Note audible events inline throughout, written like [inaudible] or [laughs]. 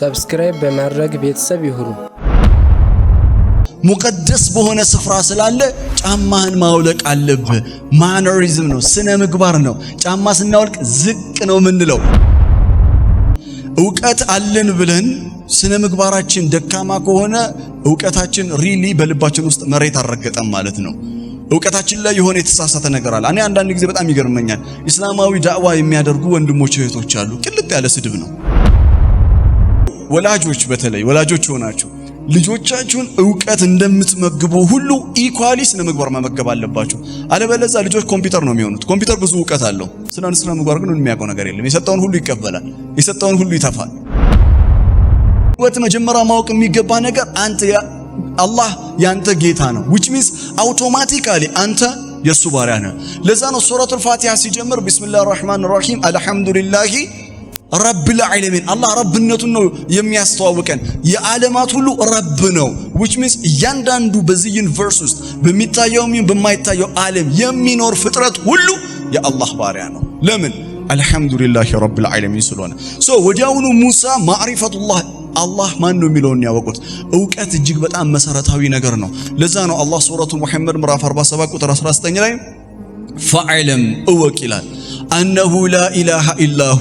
ሰብስክራይብ በማድረግ ቤተሰብ ይሁኑ። ሙቀደስ በሆነ ስፍራ ስላለ ጫማህን ማውለቅ አለብህ። ማኖሪዝም ነው፣ ስነ ምግባር ነው። ጫማ ስናወልቅ ዝቅ ነው የምንለው። እውቀት አለን ብለን ስነ ምግባራችን ደካማ ከሆነ እውቀታችን ሪሊ በልባችን ውስጥ መሬት አልረገጠም ማለት ነው። እውቀታችን ላይ የሆነ የተሳሳተ ነገር አለ። እኔ አንዳንድ ጊዜ በጣም ይገርመኛል። ኢስላማዊ ዳዕዋ የሚያደርጉ ወንድሞች እህቶች አሉ። ቅልጥ ያለ ስድብ ነው። ወላጆች በተለይ ወላጆች ሆናችሁ ልጆቻችሁን እውቀት እንደምትመግቡ ሁሉ ኢኳሊ ስነ ምግባር መመገብ አለባችሁ። አለበለዚያ ልጆች ኮምፒውተር ነው የሚሆኑት። ኮምፒውተር ብዙ እውቀት አለው፣ ስነ ስነ ምግባር ግን የሚያውቀው ነገር የለም። የሰጠውን ሁሉ ይቀበላል፣ የሰጠውን ሁሉ ይተፋል። ወት መጀመሪያ ማወቅ የሚገባ ነገር አንተ አላህ ያንተ ጌታ ነው። which means automatically አንተ የሱ ባሪያ ነህ። ለዛ ነው ሱረቱል ፋቲሃ ሲጀምር ቢስሚላሂ ራህማኒ ራሂም አልሐምዱሊላሂ ረብል ዓለሚን አላህ ረብነቱን ነው የሚያስተዋውቀን። የዓለማት ሁሉ ረብ ነው። ዊች ሚንስ እያንዳንዱ በዚህ ዩኒቨርስ ውስጥ በሚታየውም በማይታየው ዓለም የሚኖር ፍጥረት ሁሉ የአላህ ባሪያ ነው። ለምን? አልሐምዱሊላህ ረብል ዓለሚን ስለሆነ። ሶ ወዲያውኑ ሙሳ ማዕሪፈቱላህ አላህ ማን ነው የሚለውን ያወቁት። እውቀት እጅግ በጣም መሰረታዊ ነገር ነው። ለዛ ነው አላህ ሱረቱ ሙሐመድ ምዕራፍ 47 ቁጥር 19 ላይ ፈዕለም እወቅ ይላል። አነሁ ላ ኢላሃ ኢላሁ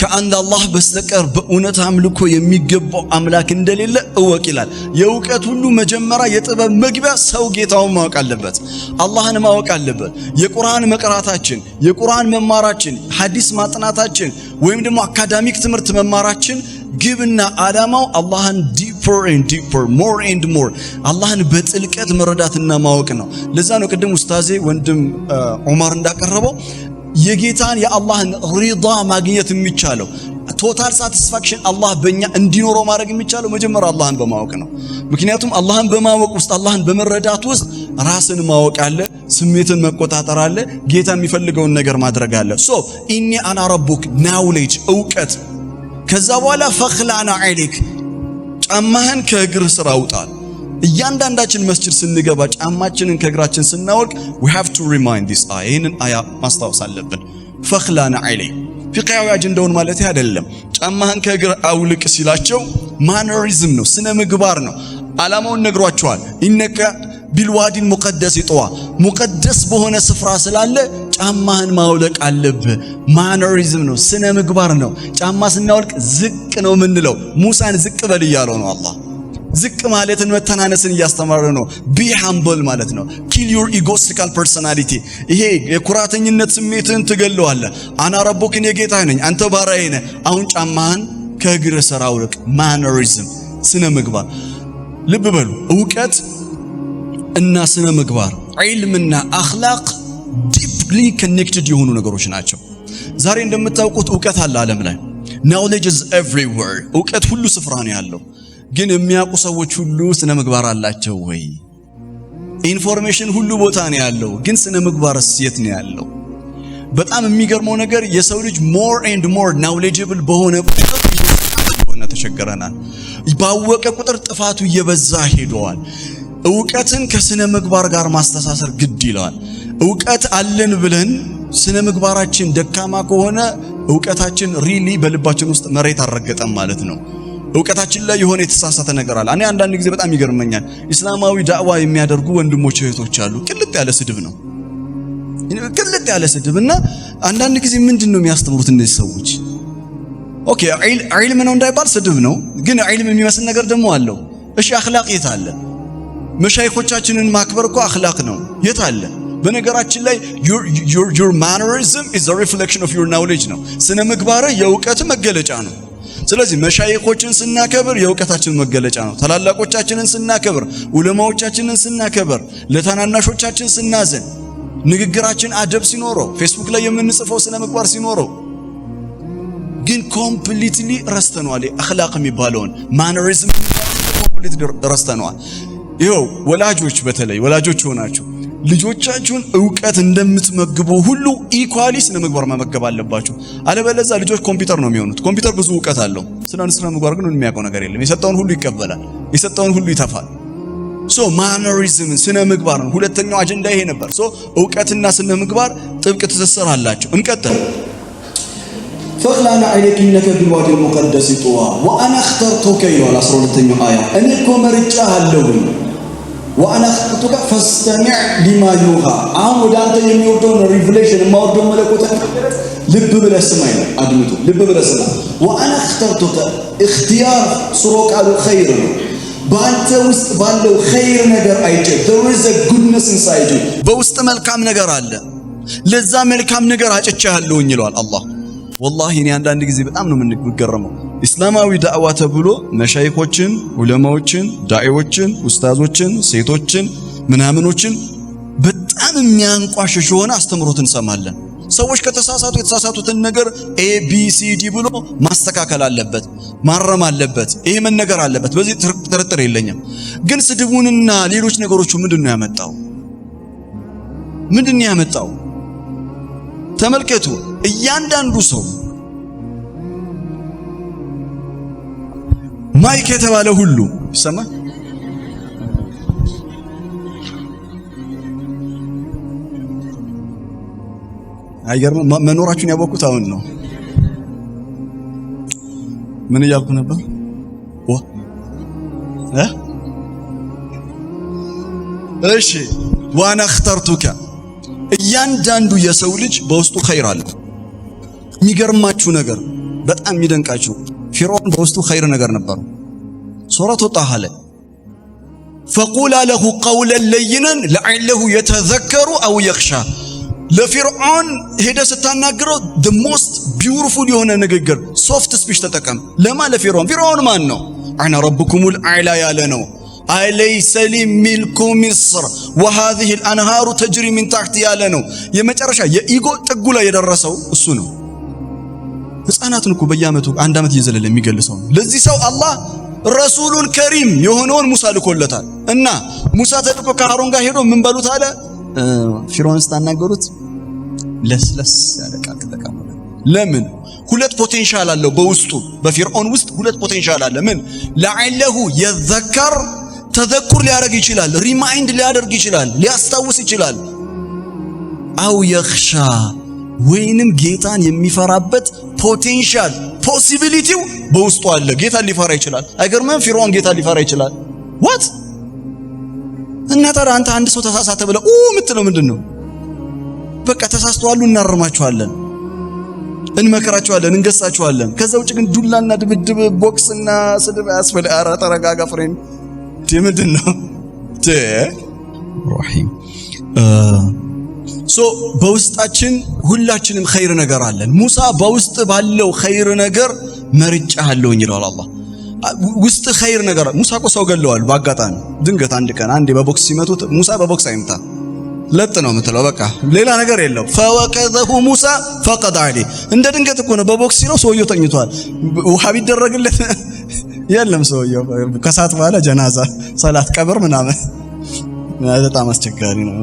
ከአንድ አላህ በስተቀር በእውነት አምልኮ የሚገባው አምላክ እንደሌለ እወቅ ይላል። የእውቀት ሁሉ መጀመሪያ የጥበብ መግቢያ ሰው ጌታውን ማወቅ አለበት፣ አላህን ማወቅ አለበት። የቁርአን መቅራታችን፣ የቁርአን መማራችን፣ ሐዲስ ማጥናታችን ወይም ደግሞ አካዳሚክ ትምህርት መማራችን ግብና ዓላማው አላህን ዲፐር ኤንድ ዲፐር ሞር ኤንድ ሞር አላህን በጥልቀት መረዳትና ማወቅ ነው። ለዛ ነው ቅድም ኡስታዜ ወንድም ዑማር እንዳቀረበው የጌታን የአላህን ሪዳ ማግኘት የሚቻለው ቶታል ሳቲስፋክሽን አላህ በእኛ እንዲኖረው ማድረግ የሚቻለው መጀመሪያ አላህን በማወቅ ነው። ምክንያቱም አላህን በማወቅ ውስጥ አላህን በመረዳት ውስጥ ራስን ማወቅ አለ፣ ስሜትን መቆጣጠር አለ፣ ጌታ የሚፈልገውን ነገር ማድረግ አለ። ሶ ኢኒ አና ረቡክ ናውሌጅ እውቀት። ከዛ በኋላ ፈክላና ዐይሌክ ጫማህን ከእግር ስራ አውጣል እያንዳንዳችን መስጅድ ስንገባ ጫማችንን ከእግራችን ስናወልቅ we have to remind this ayah ይህንን አያ ማስታወስ አለብን። ፈኽላና ዐለይ ፊቅሃዊ አጀንዳውን ማለት አይደለም። ጫማህን ከእግር አውልቅ ሲላቸው ማነሪዝም ነው፣ ስነ ምግባር ነው። ዓላማውን ነግሯቸዋል። ኢነከ ቢልዋዲን ሙቀደስ ይጠዋ ሙቀደስ በሆነ ስፍራ ስላለ ጫማህን ማውለቅ አለብህ። ማነሪዝም ነው፣ ስነ ምግባር ነው። ጫማ ስናወልቅ ዝቅ ነው የምንለው። ሙሳን ዝቅ በል እያለው ነው አላህ ዝቅ ማለትን መተናነስን እያስተማረ ነው። ቢ ሃምብል ማለት ነው። ኪል ዩር ኢጎስቲካል ፐርሶናሊቲ። ይሄ የኩራተኝነት ስሜትን ትገለዋለ። አና ረቦክን የጌታ ነኝ፣ አንተ ባሪያዬ ነህ። አሁን ጫማህን ከእግር ስር አውልቅ። ማነሪዝም፣ ስነ ምግባር። ልብ በሉ እውቀት እና ስነ ምግባር ዒልምና አኽላቅ ዲፕሊ ኮኔክትድ የሆኑ ነገሮች ናቸው። ዛሬ እንደምታውቁት እውቀት አለ ዓለም ላይ ናውሌጅ ኢዝ ኤቭሪዌር። እውቀት ሁሉ ስፍራ ነው ያለው። ግን የሚያውቁ ሰዎች ሁሉ ስነ ምግባር አላቸው ወይ? ኢንፎርሜሽን ሁሉ ቦታ ነው ያለው፣ ግን ስነ ምግባርስ የት ነው ያለው? በጣም የሚገርመው ነገር የሰው ልጅ ሞር ኤንድ ሞር ናውሌጅብል በሆነ ቁጥር ተቸገረናል። ባወቀ ቁጥር ጥፋቱ እየበዛ ሄደዋል። እውቀትን ከስነ ምግባር ጋር ማስተሳሰር ግድ ይለዋል። እውቀት አለን ብለን ስነ ምግባራችን ደካማ ከሆነ እውቀታችን ሪሊ በልባችን ውስጥ መሬት አልረገጠም ማለት ነው። እውቀታችን ላይ የሆነ የተሳሳተ ነገር አለ። እኔ አንዳንድ ጊዜ በጣም ይገርመኛል። እስላማዊ ዳዕዋ የሚያደርጉ ወንድሞች እህቶች አሉ። ቅልጥ ያለ ስድብ ነው፣ ቅልጥ ያለ ስድብ እና አንዳንድ ጊዜ ምንድን ነው የሚያስተምሩት እነዚህ ሰዎች? ኦኬ ዒልም ነው እንዳይባል ስድብ ነው፣ ግን ዒልም የሚመስል ነገር ደግሞ አለው። እሺ አኽላቅ የት አለ? መሻይኮቻችንን ማክበር እኮ አኽላቅ ነው። የት አለ? በነገራችን ላይ ዩር ማነሪዝም is ሪፍሌክሽን ኦፍ ዩር ናውሌጅ ነው። ስነ ምግባር የእውቀት መገለጫ ነው። ስለዚህ መሻይኮችን ስናከብር የእውቀታችን መገለጫ ነው። ታላላቆቻችንን ስናከብር፣ ዑለማዎቻችንን ስናከብር፣ ለታናናሾቻችን ስናዘን ንግግራችን አደብ ሲኖረው፣ ፌስቡክ ላይ የምንጽፈው ስነ ምግባር ሲኖረው ግን ኮምፕሊትሊ ረስተነዋል። አኽላቅ የሚባለውን ማነሪዝም ኮምፕሊትሊ ረስተነዋል። ይኸው ወላጆች በተለይ ወላጆች ሆናችሁ ልጆቻችሁን እውቀት እንደምትመግቡ ሁሉ ኢኳሊ ስነ ምግባር መመገብ አለባችሁ። አለበለዚያ ልጆች ኮምፒውተር ነው የሚሆኑት። ኮምፒውተር ብዙ እውቀት አለው፣ ስነ ምግባር ግን የሚያውቀው ነገር የለም። የሰጠውን ሁሉ ይቀበላል፣ የሰጠውን ሁሉ ይተፋል። ሶ ማነሪዝምን ስነ ምግባር ነው። ሁለተኛው አጀንዳ ይሄ ነበር። ሶ እውቀትና ስነ ምግባር ጥብቅ ትስስር አላቸው። እንቀጥል። ፈቅላና አይነክ ኢነከ ቢልዋዲ ጥዋ ወአና እኽተርቱከ ይለዋል 12ኛው አያ እኔ እኮ መርጫ አለሁኝ ወአና ፈስተሚዕ ሊማ ዩሃ። አሁን ወደ አንተ የሚወርደውን ሪቭሌሽን የማወርደውን መለኮት ልብ ብለህ ስማ ይላል። አድምጡ፣ ልብ ብለህ ስማ። ወአና እኽተርቱከ እኽትያር ስሮ ቃሉ ኸይር ነው። በአንተ ውስጥ ባለው ኸይር ነገር አይቼ ዘ ጉድነስ ኢንሳይድ በውስጥ መልካም ነገር አለ። ለዛ መልካም ነገር አጭቻለሁኝ ይለዋል አላህ ወላሂ እኔ አንዳንድ ጊዜ በጣም ነው የምንገረመው። ኢስላማዊ ዳዕዋ ተብሎ መሻይኮችን፣ ዑለማዎችን፣ ዳዒዎችን፣ ኡስታዞችን፣ ሴቶችን፣ ምናምኖችን በጣም የሚያንቋሽሽ የሆነ አስተምሮት እንሰማለን። ሰዎች ከተሳሳቱ የተሳሳቱትን ነገር ኤ ቢ ሲ ዲ ብሎ ማስተካከል አለበት፣ ማረም አለበት፣ ይሄ መነገር አለበት። በዚህ ጥርጥር የለኝም። ግን ስድቡንና ሌሎች ነገሮቹ ምንድን ነው ያመጣው? ምንድን ነው ያመጣው? ተመልከቱ። እያንዳንዱ ሰው ማይክ የተባለ ሁሉ ይሰማል። አይገርም? መኖራችሁን ያወቅሁት አሁን ነው። ምን እያልኩ ነበር? እሺ ዋና እክተርቱከ እያንዳንዱ የሰው ልጅ በውስጡ ኸይር አለ። የሚገርማችሁ ነገር በጣም የሚደንቃችሁ ፊርዖን በውስጡ ኸይር ነገር ነበሩ። ሱረቱ ጣሃ ላይ ፈቁላ ለሁ ቀውለን ለይነን ለዐለሁ የተዘከሩ አው የኽሻ ለፊርዖን ሄደ ስታናግረው ደ ሞስት ቢውቲፉል የሆነ ንግግር ሶፍት ስፒች ተጠቀም። ለማ ለፊርዖን ፊርዖን ማን ነው? አነ ረብኩሙል አዕላ ያለ ነው። አለይሰ ሊ ሚልኩ ሚስር ወሃዚሂል አንሃሩ ተጅሪ ሚን ታሕቲ ያለ ነው። የመጨረሻ የኢጎ ጥጉ ላይ የደረሰው እሱ ነው። ህፃናትን እኮ በየዓመቱ አንድ አመት እየዘለለ የሚገልሰው ነው። ለዚህ ሰው አላህ ረሱሉን ከሪም የሆነውን ሙሳ ልኮለታል እና ሙሳ ተልኮ ከሃሮን ጋር ሄዶ ምን በሉት አለ ፊርዖን ስታናገሩት ለስለስ ያለ ቃል ተጠቀመለ። ለምን? ሁለት ፖቴንሻል አለው በውስጡ በፊርዖን ውስጥ ሁለት ፖቴንሻል አለ። ምን ለዐለሁ የዘከር ተዘኩር ሊያደርግ ይችላል፣ ሪማይንድ ሊያደርግ ይችላል፣ ሊያስታውስ ይችላል። አው የኽሻ ወይንም ጌታን የሚፈራበት ፖቴንሻል ፖሲቢሊቲው በውስጡ አለ። ጌታን ሊፈራ ይችላል። አይገርምም? ፊርዖን ጌታን ሊፈራ ይችላል። ዋት እና ታዲያ አንተ አንድ ሰው ተሳሳተ ብለ ኡ የምትለው ምንድን ነው? በቃ ተሳስተዋሉ፣ እናርማቸዋለን፣ እንመከራቸዋለን፣ እንገሳቸዋለን። ከዛ ውጭ ግን ዱላና ድብድብ፣ ቦክስና ስድብ ያስፈል። ኧረ ተረጋጋ ፍሬን። ምንድን ነው ሩሂም ሶ በውስጣችን ሁላችንም ኸይር ነገር አለን። ሙሳ በውስጥ ባለው ኸይር ነገር መርጫለሁኝ ይላል አላህ። ውስጥ ኸይር ነገር ሙሳ እኮ ሰው ገለዋል በአጋጣሚ ድንገት አንድ ቀን አንዴ በቦክስ ሲመቱት ሙሳ በቦክስ አይምታ ለጥ ነው የምትለው በቃ ሌላ ነገር የለው። ፈወቀዘሁ ሙሳ ፈቀደ ዐለይህ እንደ ድንገት እኮ ነው። በቦክስ ሲለው ሰውየው ተኝቷል። ውሃ ቢደረግለት [laughs] የለም ሰውየው ከሰዓት በኋላ ጀናዛ ሰላት ቀብር ምናምን በጣም አስቸጋሪ ነው።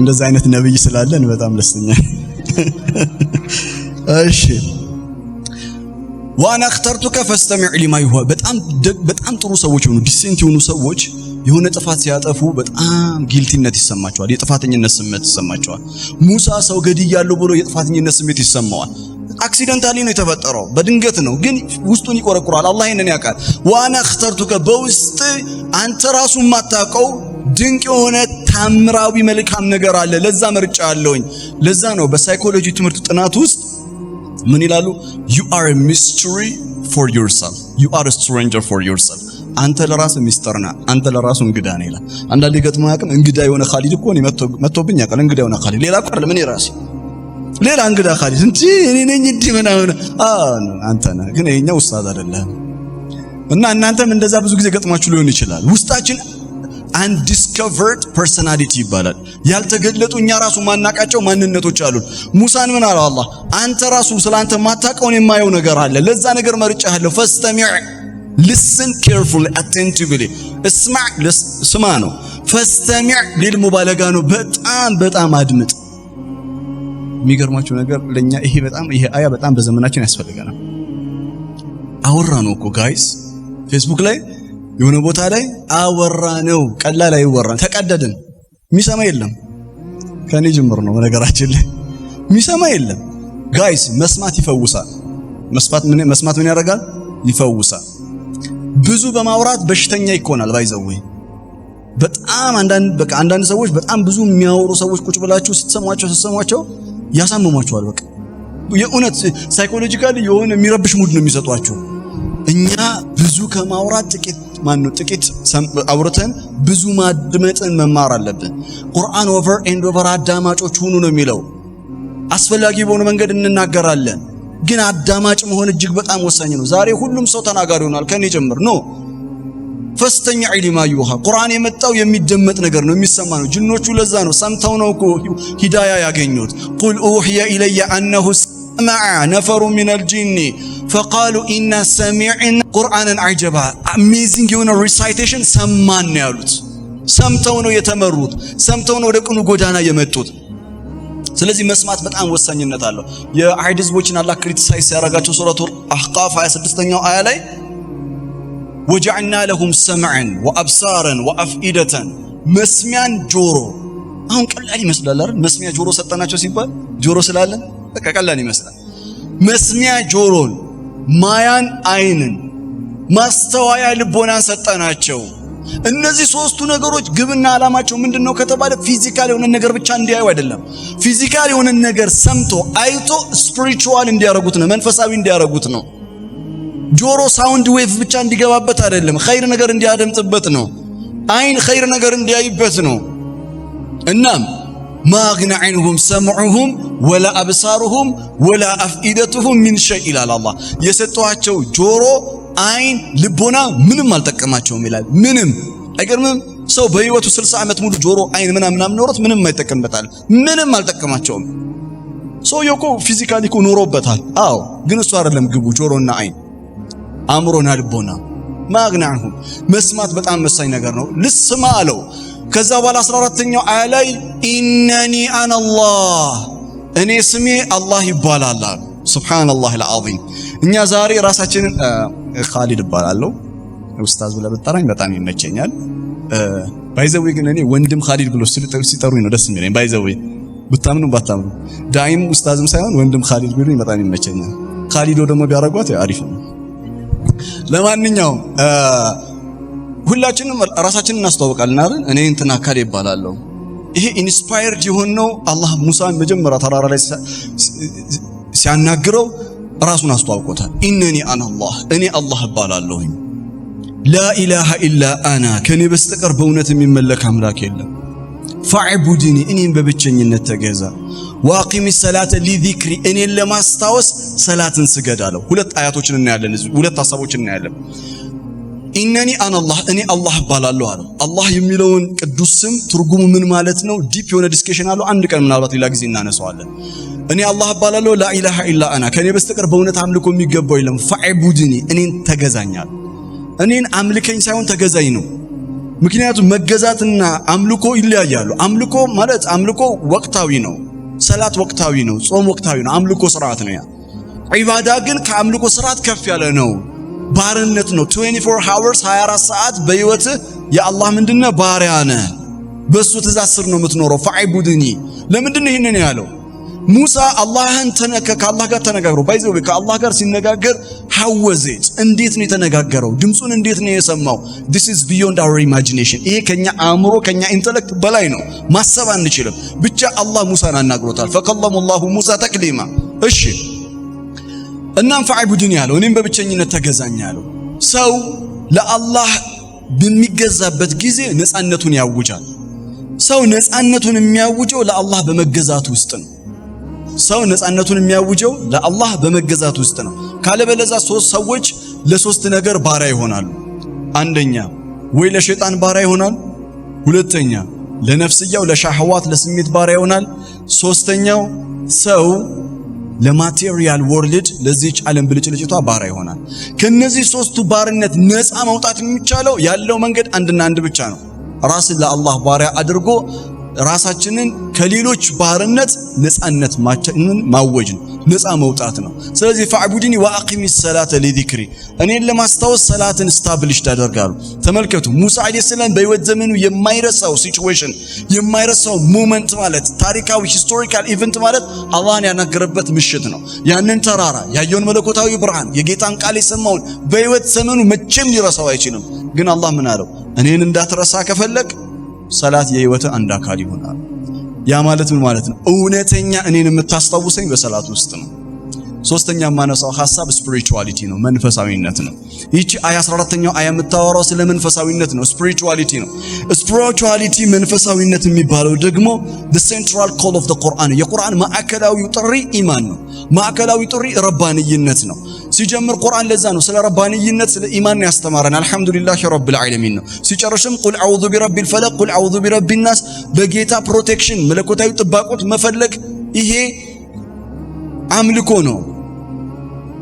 እንደዛ አይነት ነብይ ስላለን በጣም ደስተኛ። እሺ ዋና አክተርቱከ ፈስተሚዕ ሊማ ይሁዋ። በጣም ጥሩ ሰዎች ሆኑ፣ ዲሴንት የሆኑ ሰዎች የሆነ ጥፋት ሲያጠፉ በጣም ጊልቲነት ይሰማቸዋል፣ የጥፋተኝነት ስሜት ይሰማቸዋል። ሙሳ ሰው ገድያለሁ ብሎ የጥፋተኝነት ስሜት ይሰማዋል። አክሲደንታሊ ነው የተፈጠረው፣ በድንገት ነው፣ ግን ውስጡን ይቆረቁራል። አላህ ይሄንን ያውቃል። ዋና እኽተርቱከ በውስጥ አንተ ራሱ የማታውቀው ድንቅ የሆነ ታምራዊ መልካም ነገር አለ። ለዛ መርጫ አለውኝ። ለዛ ነው በሳይኮሎጂ ትምህርት ጥናት ውስጥ ምን ይላሉ? you are a mystery for yourself you are a stranger for yourself አንተ ለራስ ሚስጥር ነህ፣ አንተ ለራስ እንግዳ ነህ ይላል። አንዳንዴ ገጥሞ ያውቅም እንግዳ የሆነ ኻሊድ እኮ ነው መጥቶብኝ ያቀል እንግዳ የሆነ ኻሊድ ሌላ እኮ አይደለም ይራስ ሌላ እንግዳ ኻሊድ እንጂ እኔ ነኝ እንዲህ ምናምን አንተ ነህ፣ ግን ይኸኛው ኡስታዝ አይደለም። እና እናንተም እንደዛ ብዙ ጊዜ ገጥማችሁ ሊሆን ይችላል። ውስጣችን አንዲስከቨርድ ፐርሰናሊቲ ይባላል። ያልተገለጡ እኛ ራሱ ማናቃቸው ማንነቶች አሉን። ሙሳን ምን አለው አላህ? አንተ ራሱ ስለ አንተ ማታውቀውን የማየው ነገር አለ፣ ለዛ ነገር መርጫለሁ ፈስተሚዕ ሊስን ኬርፉሊ አቴንቲቭሊ እስማ ስማ ነው። ፈስተሚዕ ሊል ሙባለጋ ነው። በጣም በጣም አድምጥ። የሚገርማቸው ነገር ለኛ ይሄ በጣም ይሄ አያ በጣም በዘመናችን ያስፈልገናል። አወራ ነው እኮ ጋይስ፣ ፌስቡክ ላይ የሆነ ቦታ ላይ አወራ ነው። ቀላል አይወራን፣ ተቀደድን። የሚሰማ የለም። ከኔ ጅምር ነው ነገራችን ላይ የሚሰማ የለም። ጋይስ መስማት ይፈውሳል። መስማት ምን ያደርጋል? ይፈውሳል። ብዙ በማውራት በሽተኛ ይኮናል። ባይዘው በጣም አንዳንድ በቃ አንዳንድ ሰዎች በጣም ብዙ የሚያወሩ ሰዎች ቁጭ ብላችሁ ስትሰሟቸው ስትሰሟቸው ያሳምሟቸዋል። በቃ የእውነት ሳይኮሎጂካሊ የሆነ የሚረብሽ ሙድ ነው የሚሰጧቸው። እኛ ብዙ ከማውራት ጥቂት ነው ጥቂት አውርተን ብዙ ማድመጥን መማር አለብን። ቁርአን ኦቨር ኤንድ ኦቨር አዳማጮች ሁኑ ነው የሚለው። አስፈላጊ በሆነ መንገድ እንናገራለን። ግን አዳማጭ መሆን እጅግ በጣም ወሳኝ ነው። ዛሬ ሁሉም ሰው ተናጋሪ ሆኗል፣ ከኔ ጭምር ነው። ፈስተሚ ዒሊማ ዩሃ ቁርአን የመጣው የሚደመጥ ነገር ነው፣ የሚሰማ ነው። ጅኖቹ ለዛ ነው ሰምተው ነው እኮ ሂዳያ ያገኙት። ቁል ኡህየ ኢለየ አነሁ ሰመዐ ነፈሩ ሚነል ጂኒ ፈቃሉ ኢና ሰሚዕና ቁርአንን አጀባ። አሜዚንግ የሆነ ሪሳይቴሽን ሰማን ነው ያሉት። ሰምተው ነው የተመሩት፣ ሰምተው ነው ወደ ቅኑ ጎዳና የመጡት። ስለዚህ መስማት በጣም ወሳኝነት አለው። የአይድ ህዝቦችን አላህ ክሪቲሳይዝ ያደረጋቸው ሱረቱ አህቃፍ 26ኛው አያ ላይ ወጀዐልና ለሁም ሰምዐን ወአብሳረን ወአፍኢደተን መስሚያን ጆሮ። አሁን ቀላል ይመስላል አይደል? መስሚያ ጆሮ ሰጠናቸው ሲባል ጆሮ ስላለን በቃ ቀላል ይመስላል። መስሚያ ጆሮን፣ ማያን አይንን፣ ማስተዋያ ልቦናን ሰጠናቸው። እነዚህ ሶስቱ ነገሮች ግብና ዓላማቸው ምንድን ነው ከተባለ ፊዚካል የሆነ ነገር ብቻ እንዲያዩ አይደለም። ፊዚካል የሆነ ነገር ሰምቶ አይቶ ስፒሪቹዋል እንዲያረጉት ነው፣ መንፈሳዊ እንዲያረጉት ነው። ጆሮ ሳውንድ ዌቭ ብቻ እንዲገባበት አይደለም፣ ኸይር ነገር እንዲያደምጥበት ነው። አይን ኸይር ነገር እንዲያይበት ነው። እናም ማግና ዐንሁም ሰምዑሁም ወላ አብሳሩሁም ወላ አፍኢደቱሁም ሚን ሸይ ይላል አላህ የሰጠኋቸው ጆሮ አይን፣ ልቦና ምንም አልጠቀማቸውም ይላል። ምንም አይገርምም? ሰው በህይወቱ 60 ዓመት ሙሉ ጆሮ፣ አይን ምናምን ምናምን ኖሮት ምንም አይጠቀምበታል። ምንም አልጠቀማቸውም። ሰውየው እኮ ፊዚካሊ እኮ ኖሮበታል። አዎ፣ ግን እሱ አይደለም ግቡ። ጆሮና አይን፣ አእምሮና ልቦና ማግናሁ መስማት በጣም መሳኝ ነገር ነው። ልስማ አለው። ከዛ በኋላ 14ኛው አያ ላይ ኢነኒ አናላህ እኔ ስሜ አላህ ይባላል። ሱብሃነላህ አልዓዚም እኛ ዛሬ ራሳችንን ካሊድ እባላለሁ ኡስታዝ ብለህ ብጠራኝ በጣም ይመቸኛል። ባይዘዌ ግን እኔ ወንድም ካሊድ ብሎ ሲጠሩኝ ነው ደስ የሚለኝ። ባይዘዌ ብታምኑ ባታምኑ ዳይም ኡስታዝም ሳይሆን ወንድም ካሊድ ቢሉኝ በጣም ይመቸኛል። ካሊዶ ደግሞ ቢያረጓት አሪፍ ነው። ለማንኛውም ሁላችንም ራሳችንን እናስተዋውቃለን አይደል? እኔ እንትና ካሊ ይባላለሁ ይሄ ኢንስፓየርድ የሆነው አላህ ሙሳን መጀመሪያ ተራራ ላይ ሲያናግረው ራሱን አስተዋውቆታል። ኢነኒ አናላህ እኔ አላህ እባላለሁኝ። ላኢላሃ ኢላ አና ከእኔ በስተቀር በእውነት የሚመለክ አምላክ የለም። ፋዕቡድኒ እኔም በብቸኝነት ተገዛ። ዋቂሚ ሰላተ ሊዚክሪ እኔን ለማስታወስ ሰላትን ስገድ አለው። ሁለት አያቶችን እናያለን፣ ሁለት ሀሳቦችን እናያለን። ኢነኒ አናላህ እኔ አላህ እባላለሁ አለው። አላህ የሚለውን ቅዱስ ስም ትርጉሙ ምን ማለት ነው? ዲፕ የሆነ ዲስከሽን አለው። አንድ ቀን ምናልባት ሌላ ጊዜ እናነሳዋለን። እኔ አላህ እባላለሁ። ላኢላሃ ኢላ አና፣ ከእኔ በስተቀር በእውነት አምልኮ የሚገባው የለም። ፈዕቡድኒ፣ እኔን ተገዛኛል። እኔን አምልከኝ ሳይሆን ተገዛኝ ነው። ምክንያቱም መገዛትና አምልኮ ይለያያሉ። አምልኮ ማለት አምልኮ ወቅታዊ ነው። ሰላት ወቅታዊ ነው። ጾም ወቅታዊ ነው። አምልኮ ስርዓት ነው። ያ ዒባዳ ግን ከአምልኮ ስርዓት ከፍ ያለ ነው። ባርነት ነው። 24 hours 24 ሰዓት በህይወት የአላህ ምንድነው ባሪያ ነህ። በሱ ትእዛዝ ስር ነው የምትኖረው። ፈዕቡድኒ ለምንድነው ይህንን ያለው? ሙሳ አላህን ተነከ ከአላህ ጋር ተነጋግሮ ወይ ከአላህ ጋር ሲነጋገር ሐወዜት እንዴት ነው የተነጋገረው? ድምፁን እንዴት ነው የሰማው? this is beyond our imagination ይሄ ከኛ አእምሮ ከኛ ኢንተለክት በላይ ነው። ማሰብ አንችልም። ብቻ አላህ ሙሳን አናግሮታል። ፈከለሙላሁ ሙሳ ተክሊማ እሺ እናም ፈአቡድን ያለው እኔም በብቸኝነት ተገዛኝ ያለው ሰው ለአላህ በሚገዛበት ጊዜ ነፃነቱን ያውጃል። ሰው ነፃነቱን የሚያውጀው ለአላህ በመገዛት ውስጥ ነው። ሰው ነፃነቱን የሚያውጀው ለአላህ በመገዛት ውስጥ ነው። ካለበለዛ ሶስት ሰዎች ለሶስት ነገር ባሪያ ይሆናሉ። አንደኛ ወይ ለሸይጣን ባሪያ ይሆናል። ሁለተኛ ለነፍስያው ለሻህዋት ለስሜት ባሪያ ይሆናል። ሶስተኛው ሰው ለማቴሪያል ወርልድ ለዚህች ዓለም ብልጭልጭቷ ባሪያ ይሆናል። ከነዚህ ሶስቱ ባርነት ነፃ መውጣት የሚቻለው ያለው መንገድ አንድና አንድ ብቻ ነው። ራስን ለአላህ ባሪያ አድርጎ ራሳችንን ከሌሎች ባርነት ነፃነት ማወጅ ነው። ነፃ መውጣት ነው። ስለዚህ ፈዕቡድኒ ወአቂሚ ሰላተ ለዚክሪ እኔን ለማስታወስ ሰላትን ስታብሊሽ ታደርጋሉ። ተመልከቱ ሙሳ ዓለይሂ ሰላም በሕይወት ዘመኑ የማይረሳው ሲቹዌሽን የማይረሳው ሞመንት ማለት ታሪካዊ ሂስቶሪካል ኢቨንት ማለት አላህን ያናገረበት ምሽት ነው። ያንን ተራራ ያየውን መለኮታዊ ብርሃን የጌታን ቃል የሰማውን በህይወት ዘመኑ መቼም ሊረሳው አይችልም። ግን አላህ ምን አለው? እኔን እንዳትረሳ ከፈለግ ሰላት የህይወት አንድ አካል ይሆናል። ያ ማለት ምን ማለት ነው? እውነተኛ እኔን የምታስታውሰኝ በሰላት ውስጥ ነው። ሶስተኛ የማነሳው ሐሳብ ስፒሪቹዋሊቲ ነው፣ መንፈሳዊነት ነው። ይቺ አያ 14ኛው አያ የምታወራው ስለ መንፈሳዊነት ነው፣ ስፒሪቹዋሊቲ ነው። ስፒሪቹዋሊቲ መንፈሳዊነት የሚባለው ደግሞ the central call of the Quran የቁርአን ማዕከላዊው ጥሪ ኢማን ነው። ማዕከላዊው ጥሪ ረባንይነት ነው። ሲጀምር ቁርአን ለዛ ነው ስለ ረባንይነት ስለ ኢማን ያስተማረን። አልሐምዱሊላህ ረብል ዓለሚን ነው። ሲጨርሽም ቁል አዑዙ ቢረቢል ፈለቅ፣ ቁል አዑዙ ቢረቢን ናስ፣ በጌታ ፕሮቴክሽን መለኮታዊ ጥባቆት መፈለግ ይሄ አምልኮ ነው።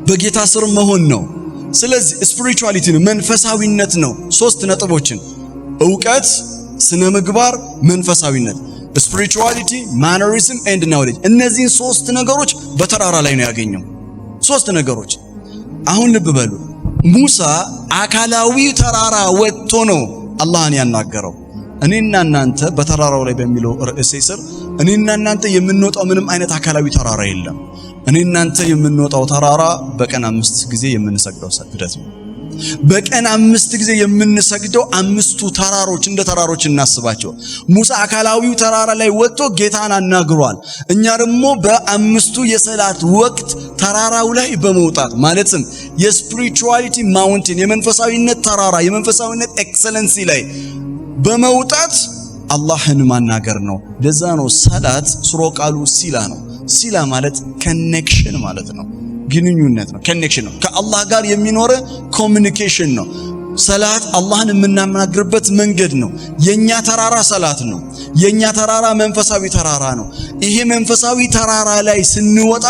በጌታ ስር መሆን ነው። ስለዚህ ስፒሪቹዋሊቲ ነው፣ መንፈሳዊነት ነው። ሶስት ነጥቦችን እውቀት፣ ስነ ምግባር፣ መንፈሳዊነት ስፒሪቹዋሊቲ ማነሪዝም ኤንድ ናውሌጅ እነዚህን ሶስት ነገሮች በተራራ ላይ ነው ያገኘው። ሶስት ነገሮች አሁን ልብ በሉ። ሙሳ አካላዊ ተራራ ወጥቶ ነው አላህን ያናገረው። እኔና እናንተ በተራራው ላይ በሚለው ርዕሴ ስር እኔና እናንተ የምንወጣው ምንም አይነት አካላዊ ተራራ የለም። እኔ እናንተ የምንወጣው ተራራ በቀን አምስት ጊዜ የምንሰግደው ስግደት ነው። በቀን አምስት ጊዜ የምንሰግደው አምስቱ ተራሮች እንደ ተራሮች እናስባቸው። ሙሳ አካላዊው ተራራ ላይ ወጥቶ ጌታን አናግሯል። እኛ ደግሞ በአምስቱ የሰላት ወቅት ተራራው ላይ በመውጣት ማለትም የስፕሪቹዋሊቲ ማውንቴን የመንፈሳዊነት ተራራ የመንፈሳዊነት ኤክሰለንሲ ላይ በመውጣት አላህን ማናገር ነው። ለዛ ነው ሰላት ስሮ ቃሉ ሲላ ነው። ሲላ ማለት ከኔክሽን ማለት ነው። ግንኙነት ነው፣ ኮኔክሽን ነው። ከአላህ ጋር የሚኖረ ኮሚኒኬሽን ነው። ሰላት አላህን የምናናግርበት መንገድ ነው። የኛ ተራራ ሰላት ነው። የኛ ተራራ መንፈሳዊ ተራራ ነው። ይሄ መንፈሳዊ ተራራ ላይ ስንወጣ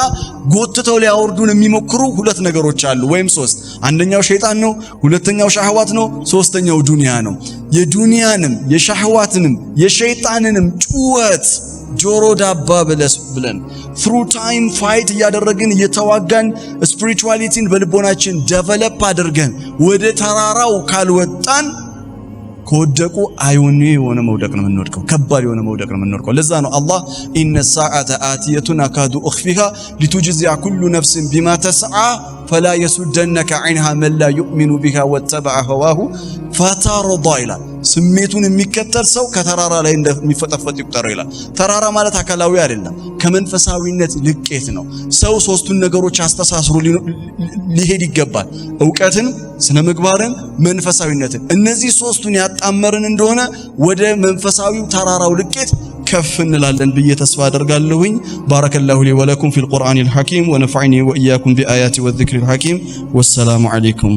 ጎትተው ሊያወርዱን የሚሞክሩ ሁለት ነገሮች አሉ ወይም ሶስት። አንደኛው ሸይጣን ነው፣ ሁለተኛው ሻህዋት ነው፣ ሶስተኛው ዱንያ ነው። የዱንያንም የሻህዋትንም የሸይጣንንም ጩወት። ጆሮ ዳባ በለስ ብለን ፍሩ ታይም ፋይት እያደረግን እየተዋጋን ስፒሪቹዋሊቲን በልቦናችን ደቨለፕ አድርገን ወደ ተራራው ካልወጣን ከወደቁ አይወኔ የሆነ መውደቅ ነው የምንወድቀው። ከባድ የሆነ መውደቅ ነው የምንወድቀው። ለዛ ነው አላህ ኢነ ሰዓተ አትየቱን አካዱ እኽፊሃ ሊቱጅዚያ ኩሉ ነፍስን ቢማ ተስዓ ፈላ የሱደነከ ዐንሃ መላ ዩእሚኑ ቢሃ ወተበዐ ሀዋሁ ፈተርዳ ይላል። ስሜቱን የሚከተል ሰው ከተራራ ላይ እንደሚፈጠፈጥ ይቁጠረው ይላል። ተራራ ማለት አካላዊ አይደለም፣ ከመንፈሳዊነት ልቄት ነው። ሰው ሶስቱን ነገሮች አስተሳስሮ ሊሄድ ይገባል። እውቀትን፣ ስነ ምግባርን፣ መንፈሳዊነትን። እነዚህ ሶስቱን ያጣመርን እንደሆነ ወደ መንፈሳዊው ተራራው ልቄት ከፍ እንላለን ብዬ ተስፋ አደርጋለሁኝ። ባረከላሁ ሊ ወለኩም ፊል ቁርአኒል ሐኪም ወነፈዐኒ ወኢያኩም ቢአያቲ ወዚክሪል ሐኪም ወሰላሙ ዐለይኩም